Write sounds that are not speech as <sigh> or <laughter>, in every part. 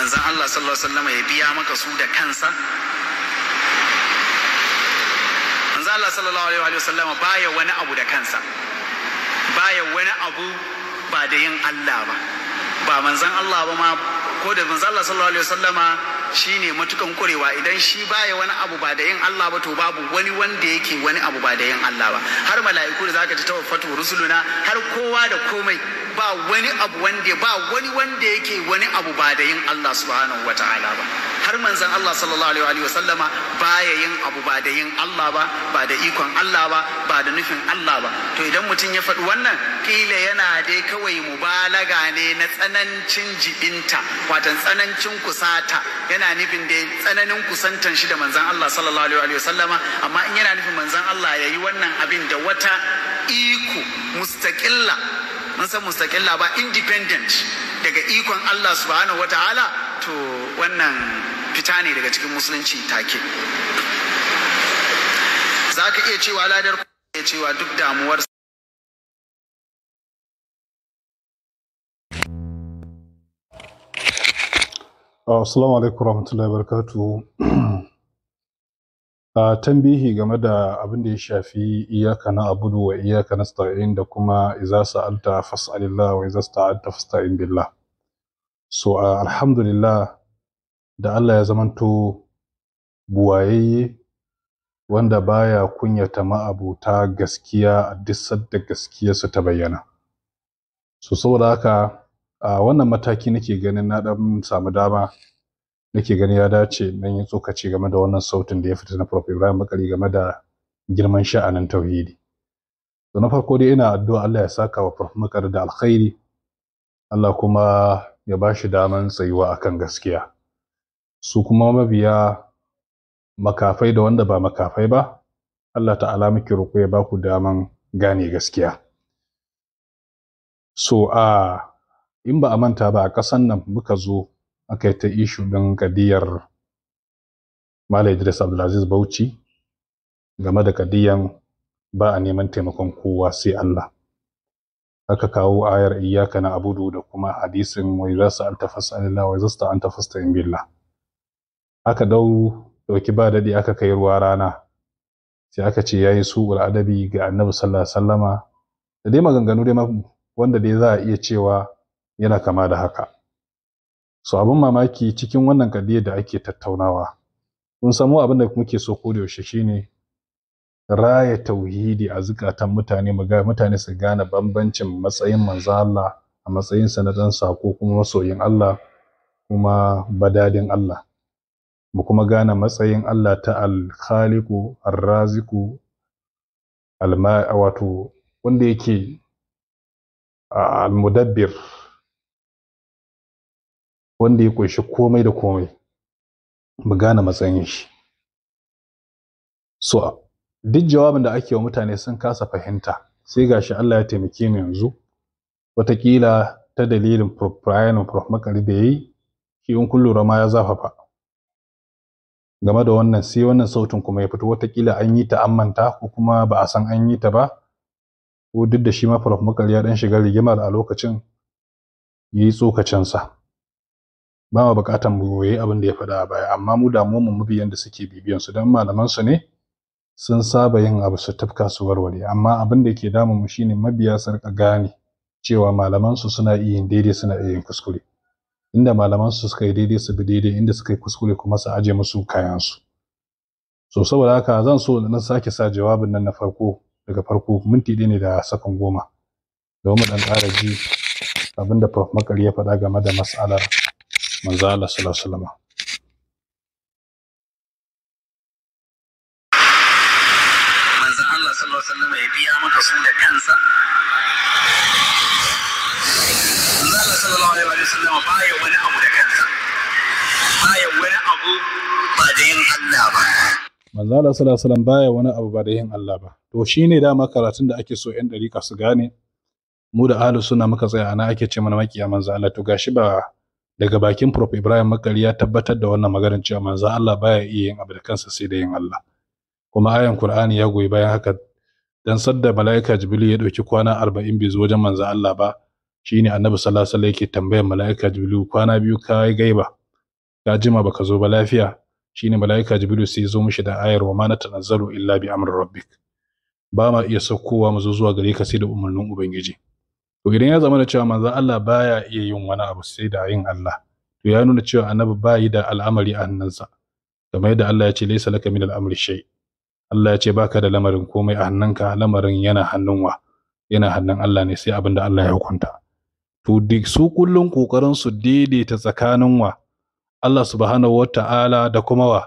manzan Allah sallallahu alaihi wasallam ya biya maka su da kansa manzan Allah sallallahu alaihi wasallam baya wani abu da kansa baya wani abu ba da yin Allah ba ba manzan Allah ba ma ko da manzan Allah sallallahu alaihi wasallama shi ne matukan kurewa idan shi baya wani abu ba da yin Allah ba to babu wani wanda yake wani abu ba da yin Allah ba har mala'iku da zaka ji tawaffatu rusuluna har kowa da komai ba wani abu wanda ba wani wanda yake wani abu ba da yin Allah subhanahu wataala ba har manzan Allah sallallahu alaihi wa sallama baya yin abu ba da yin Allah ba ba da ikon Allah ba ba da nufin Allah ba to idan mutum ya faɗi wannan kila yana dai kawai mubalaga ne na tsanancin jibinta watan tsanancin kusata yana nufin dai tsananin kusantan shi da manzan Allah sallallahu alaihi wa sallama amma in yana nufin manzan Allah yayi wannan abin da wata iko mustaqilla mun san mustaqilla ba independent daga ikon Allah subhanahu wataala to wannan fita ne daga cikin musulunci take za ka iya cewa ladar iya cewa duk damuwar ah, Assalamu alaikum warahmatullahi barakatu <clears throat> a ah, tambihi game da abin da ya shafi iyaka na abudu wa iyaka sta'in da kuma iza sa'alta fas'alillah wa iza sta'alta fasta'in billah so ah, alhamdulillah da Allah ya zamanto buwayayye wanda baya kunyata ma'abuta gaskiya a duk sadda su ta bayyana so saboda haka a wannan mataki nake ganin na dan samu dama nake ganin ya dace nan yi tsokaci game da wannan sautin da ya fita na Prof Ibrahim Bakari game da girman sha'anin tauhidi to na farko dai ina addu'a Allah ya saka wa Prof Bakari da alkhairi Allah kuma ya bashi daman tsayuwa akan gaskiya su kuma mabiya makafai da wanda ba makafai ba Allah ta'ala muke roƙo ya baku daman gane gaskiya so a in ba a manta ba a ƙasan nan muka zo aka yi ta ishu ɗin ƙadiyar Malam Idris Abdulaziz Bauchi game da ƙadiyan ba a neman taimakon kowa sai Allah aka kawo ayar iyaka na abudu da kuma hadisin wai za su alta fasa'alillah wai za su tafasta, in billah aka dau dauki ba dadi aka kai ruwa rana sai aka ce yayi su'ul adabi ga annabi sallallahu alaihi wasallama da dai maganganu dai wanda dai za a iya cewa yana kama da haka so abin mamaki cikin wannan kadiyar da ake tattaunawa mun samu abin da muke so ko da yaushe shine raya tauhidi a zukatan mutane mu mutane su gane bambancin matsayin manzo Allah a matsayin na dan sako kuma masoyin Allah kuma badadin Allah mu kuma gane matsayin Allah ta al-khaliqu ar-raziqu wato wanda yake al-mudabbir wanda ya kunshi komai da komai mu gane matsayin shi so duk jawabin da ake wa mutane sun kasa fahimta sai gashi Allah ya taimake mu yanzu watakila ta dalilin Brian Prof da yayi shi in kullu lura ma ya zafafa game da wannan sai wannan sautin kuma ya fito watakila an yi ta manta ko kuma ba a san an yi ta ba ko duk da shi ma Prof Mukar ya dan shiga rigimar a lokacin ya yi tsokacinsa ba ma buƙatar mu abin da ya faɗa a baya amma mu da mu mabiyan da suke bibiyan su dan malaman su ne sun saba yin abu su tafka su warware amma abin da ke damun mu shine mabiya sarka gane cewa malaman su suna yin daidai suna yin kuskure inda malaman su suka yi daidai su bi daidai inda suka yi kuskure kuma su aje musu kayansu so saboda haka zan so na sake sa jawabin nan na farko daga farko minti ɗaya ne da sakan goma mu ɗan ƙara ji abinda prof makari ya faɗa game da mas'alar manzo Allah sallallahu alaihi wasallam wani abu da kansa baya wani abu ba da yin Allah ba manzo Allah sallallahu alaihi baya wani abu ba da yin Allah ba to shine dama karatun da ake so yan dariƙa su gane mu da ahlus sunna muka tsaya ana ake ce mana makiya manzo Allah to gashi ba daga bakin Prof Ibrahim Makari ya tabbatar da wannan maganar cewa manzo Allah baya iya yin abu da kansa sai da yin Allah kuma ayan Qur'ani ya goyi bayan haka dan sadda malaika Jibril ya dauki kwana 40 bai zo wajen manzo Allah ba shine annabi sallallahu alaihi yake tambayar mala'ika jibrilu kwana biyu ka gaiba ka jima baka zo ba lafiya Shi shine mala'ika jibilu sai zo mishi da ayar wa ma natanazzalu illa bi amri rabbik ba ma iya saukowa mu zo zuwa gare ka sai da umarnin ubangiji to idan ya zama da cewa manzo Allah baya iya yin wani abu sai da yin Allah to ya nuna cewa annabi yi da al'amari a hannunsa kamar yadda Allah ya ce laysa laka min al'amri shay Allah ya ce baka da lamarin komai a hannunka lamarin yana hannunwa yana hannun Allah ne sai abin da Allah ya hukunta to duk su kullum kokarin su daidaita tsakanin wa Allah subhanahu wata'ala da kuma wa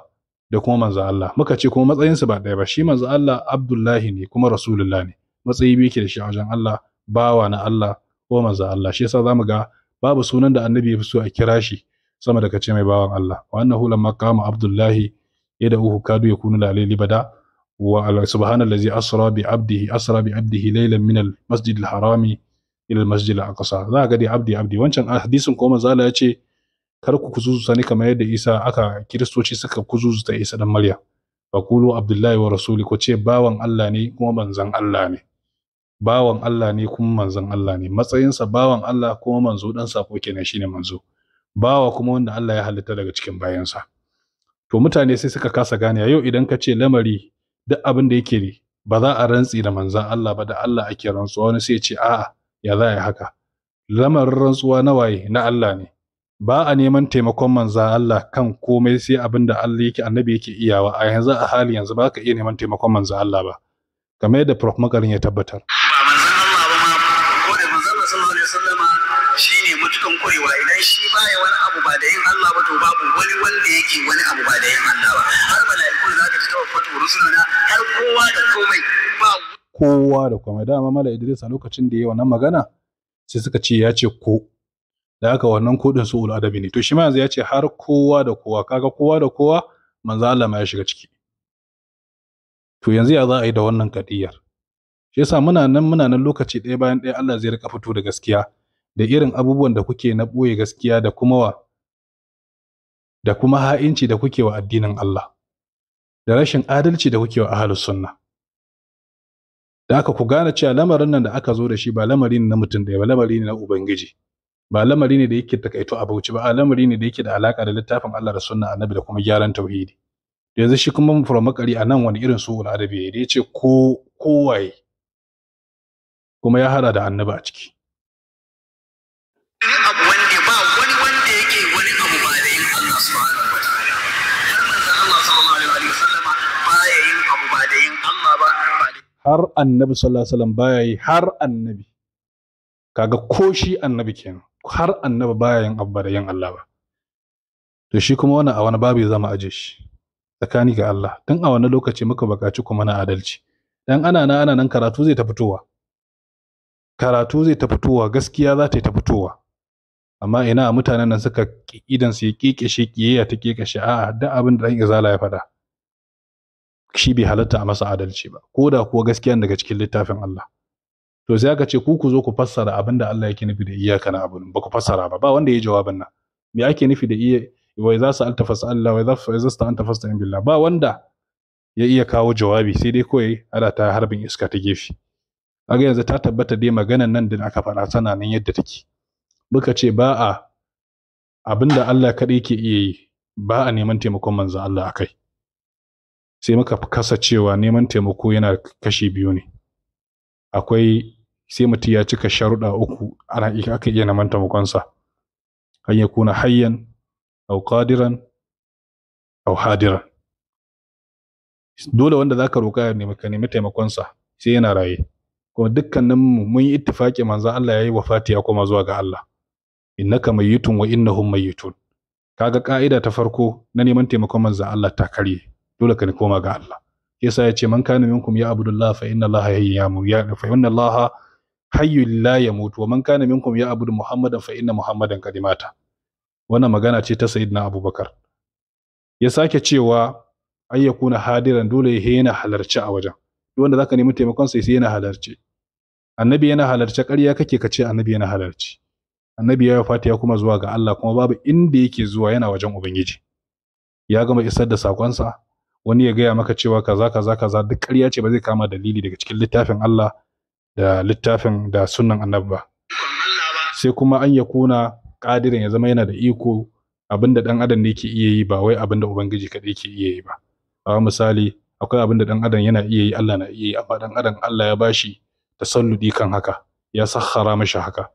da kuma manzo Allah muka ce kuma matsayin su ba ɗaya ba shi manzo Allah Abdullahi ne kuma Rasulullah ne matsayi biyu ke da shi a wajen Allah bawa na Allah ko manzo Allah shi yasa zamu ga babu sunan da annabi ya fi so a kira shi sama da kace mai bawan Allah wa annahu lamma qama Abdullahi uhu kadu yakunu lalai bada wa subhanallazi asra bi abdihi asra bi abdihi laylan min al-masjid al-harami ila al-masjid al-aqsa za ga dai abdi abdi wancan hadisin kuma manzo Allah ya ce kar ku kuzuzu sani kamar yadda Isa aka kiristoci suka kuzuzu ta Isa dan Maryam fa kulu abdullahi wa rasuli ko ce bawan Allah ne kuma manzon Allah ne bawan Allah ne kuma manzon Allah ne matsayinsa bawan Allah kuma manzo dan sako kenan shine manzo bawa kuma wanda Allah ya halitta daga cikin bayansa to mutane sai suka kasa gane yau idan ka ce lamari duk abin da yake ba za a rantsi da manzon Allah ba da Allah ake rantsuwa wani sai ya ce a'a ya za a yi haka lamarin rantsuwa na waye na Allah ne ba a neman taimakon manzan Allah kan komai sai abin da Allah yake annabi yake iyawa a yanzu a hali yanzu ba ka iya neman taimakon manzan Allah ba kamar yadda prof makarin ya tabbatar ba manzan Allah ba ma ko da manzan Allah sallallahu alaihi wasallama shine mutukan kwarewa idan shi baya wani abu ba da yin Allah ba to babu wani wanda yake wani abu ba da yin Allah ba har mala'iku za ka ji tawaffatu rusuluna kowa da komai dama mala idris a lokacin da ya wannan magana sai suka ce ya ce ko da aka wannan kodin su adabi ne to shi ma yanzu ya ce har kowa da kowa kaga kowa da kowa manzo Allah ma ya shiga ciki to yanzu ya za a yi da wannan kadiyar shi yasa muna nan muna nan lokaci ɗaya bayan ɗaya Allah zai rika fito da gaskiya da irin abubuwan da kuke na ɓoye gaskiya da kuma wa da kuma ha'inci da kuke wa addinin Allah da rashin adalci da kuke wa ahlus sunna da aka ku gane cewa lamarin nan da aka zo da shi ba lamari ne na mutum ɗaya ba lamari ne na ubangiji ba lamari ne da yake takaito a bauchi ba a lamari ne da yake da alaka da littafin Allah da sunna annabi da kuma gyaran tauhidi yanzu shi kuma mafura makari a nan wani irin su adabi ya ce ko kowaye kuma ya hada da annabi a ciki har annabi sallallahu alaihi wasallam baya yi har annabi kaga ko shi annabi kenan har annabi baya yin abba da yin Allah ba to shi kuma wannan a wani babu ya zama aje shi tsakani ga Allah dan a wani lokaci muka bukaci kuma na adalci dan ana nan ana nan karatu zai ta fitowa karatu zai ta fitowa gaskiya za ta ta fitowa amma ina mutanen nan suka idan su yi kike shi kiyayya ta kike shi a'a duk abin da dan izala ya faɗa shi bai halatta a masa adalci ba ko da kuwa gaskiya daga cikin littafin Allah to sai aka ce ku ku zo ku fassara abin da Allah yake nufi da iyaka na abun ba ku fassara ba ba wanda ya jawabin nan me ake nufi da iya wai za su alta fasalla wai za su za su anta fas'al billah ba wanda ya iya kawo jawabi sai dai koyi ada ta harbin iska ta gefe kaga yanzu ta tabbata dai maganan nan da aka faɗa tana nan yadda take muka ce ba a abinda Allah kaɗai ke iya yi ba a neman taimakon manzon Allah akai sai muka kasa cewa neman taimako yana kashi biyu ne akwai sai mutum ya cika sharuɗa uku ana aka iya neman taimakonsa an ya kuna hayyan au qadiran au hadiran dole wanda zaka roƙa nemi ka nemi taimakonsa sai yana raye kuma dukkanin mu mun yi ittifaki manzo Allah yayi wafati ya koma zuwa ga Allah innaka mayyitun wa innahum mayyitun kaga ka'ida ta farko na neman taimakon manzo Allah ta karye dole ka koma ga Allah yasa ya ce man kana minkum ya abudullah fa inna allaha ya fa inna allaha hayyul la yamut wa man kana minkum ya abudu muhammadan fa inna muhammadan qad mata wannan magana ce ta sayyidina abubakar ya sake cewa ay yakuna hadiran dole ya yana halarci a wajen duk wanda zaka nemi taimakon sai sai yana halarci annabi yana halarci ƙarya kake ka ce annabi yana halarci annabi ya wafata ya kuma zuwa ga Allah kuma babu inda yake zuwa yana wajen ubangiji ya gama isar da sakonsa wani ya gaya maka cewa kaza kaza kaza duk ƙarya ce ba zai kama dalili daga cikin littafin Allah da littafin da sunan annabi ba sai kuma an ya kuna ƙadirin ya zama yana da iko abinda ɗan adam ne ke iya yi ba wai abinda ubangiji kaɗai ke iya yi ba a misali akwai abinda ɗan adam yana iya yi Allah na iya yi amma ɗan adam Allah ya bashi tasalludi kan haka ya sahara mashi haka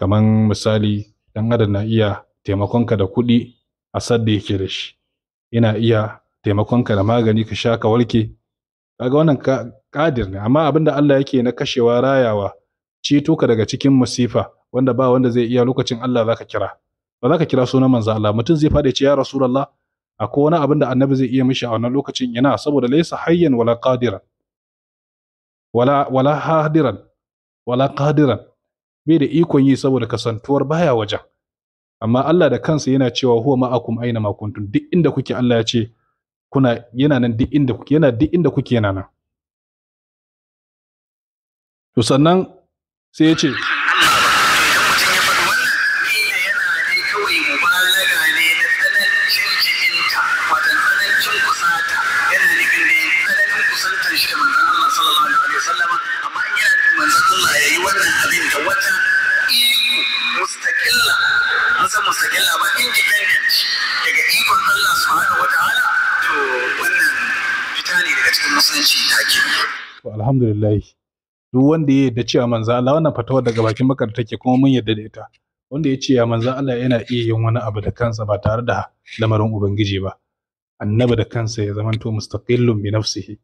kaman misali ɗan adam na iya taimakon ka da kuɗi a sadda yake da shi yana iya taimakonka da magani ka sha ka warke kaga wannan kadir ne amma abinda Allah yake na kashewa rayawa ceto ka daga cikin masifa wanda ba wanda zai iya lokacin Allah zaka kira ba zaka kira sunan manzo Allah mutum zai fada ce ya rasulullah akwai wani abinda annabi zai iya mishi a wannan lokacin yana saboda laysa hayyan wala qadiran wala wala hadiran wala qadiran bai da ikon yi saboda kasantuwar baya wajen amma Allah da kansa yana cewa huwa ma'akum aina ma kuntum duk inda kuke Allah ya ce kuna yana nan duk inda kuke yana duk inda kuke yana nan to sannan sai ya ce alhamdulillahi duk wanda ya yarda cewa manzo Allah wannan fatawar daga bakin makar take kuma mun yarda da ita wanda ya ce ya manzo Allah yana iya yin wani abu da kansa ba tare da lamarin ubangiji ba annabi da kansa ya zamanto mustaqillun bi nafsihi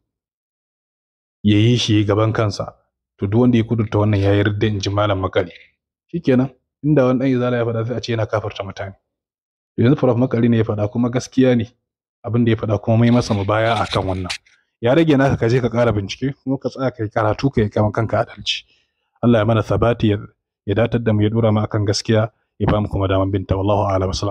ya yi shi gaban kansa to duk wanda ya kudurta wannan ya yarda in ji malam makali shikenan inda wani dan izala ya faɗa sai a ce yana kafarta mutane yanzu prof makari ne ya faɗa kuma gaskiya ne abin da ya faɗa kuma mai masa mubaya akan wannan ya rage naka ka je ka ƙara bincike kuma ka tsaya yi karatu kai kama kanka adalci Allah ya mana sabati ya datar da mu ya dura mu akan gaskiya ya ba mu kuma daman binta wallahu a'lam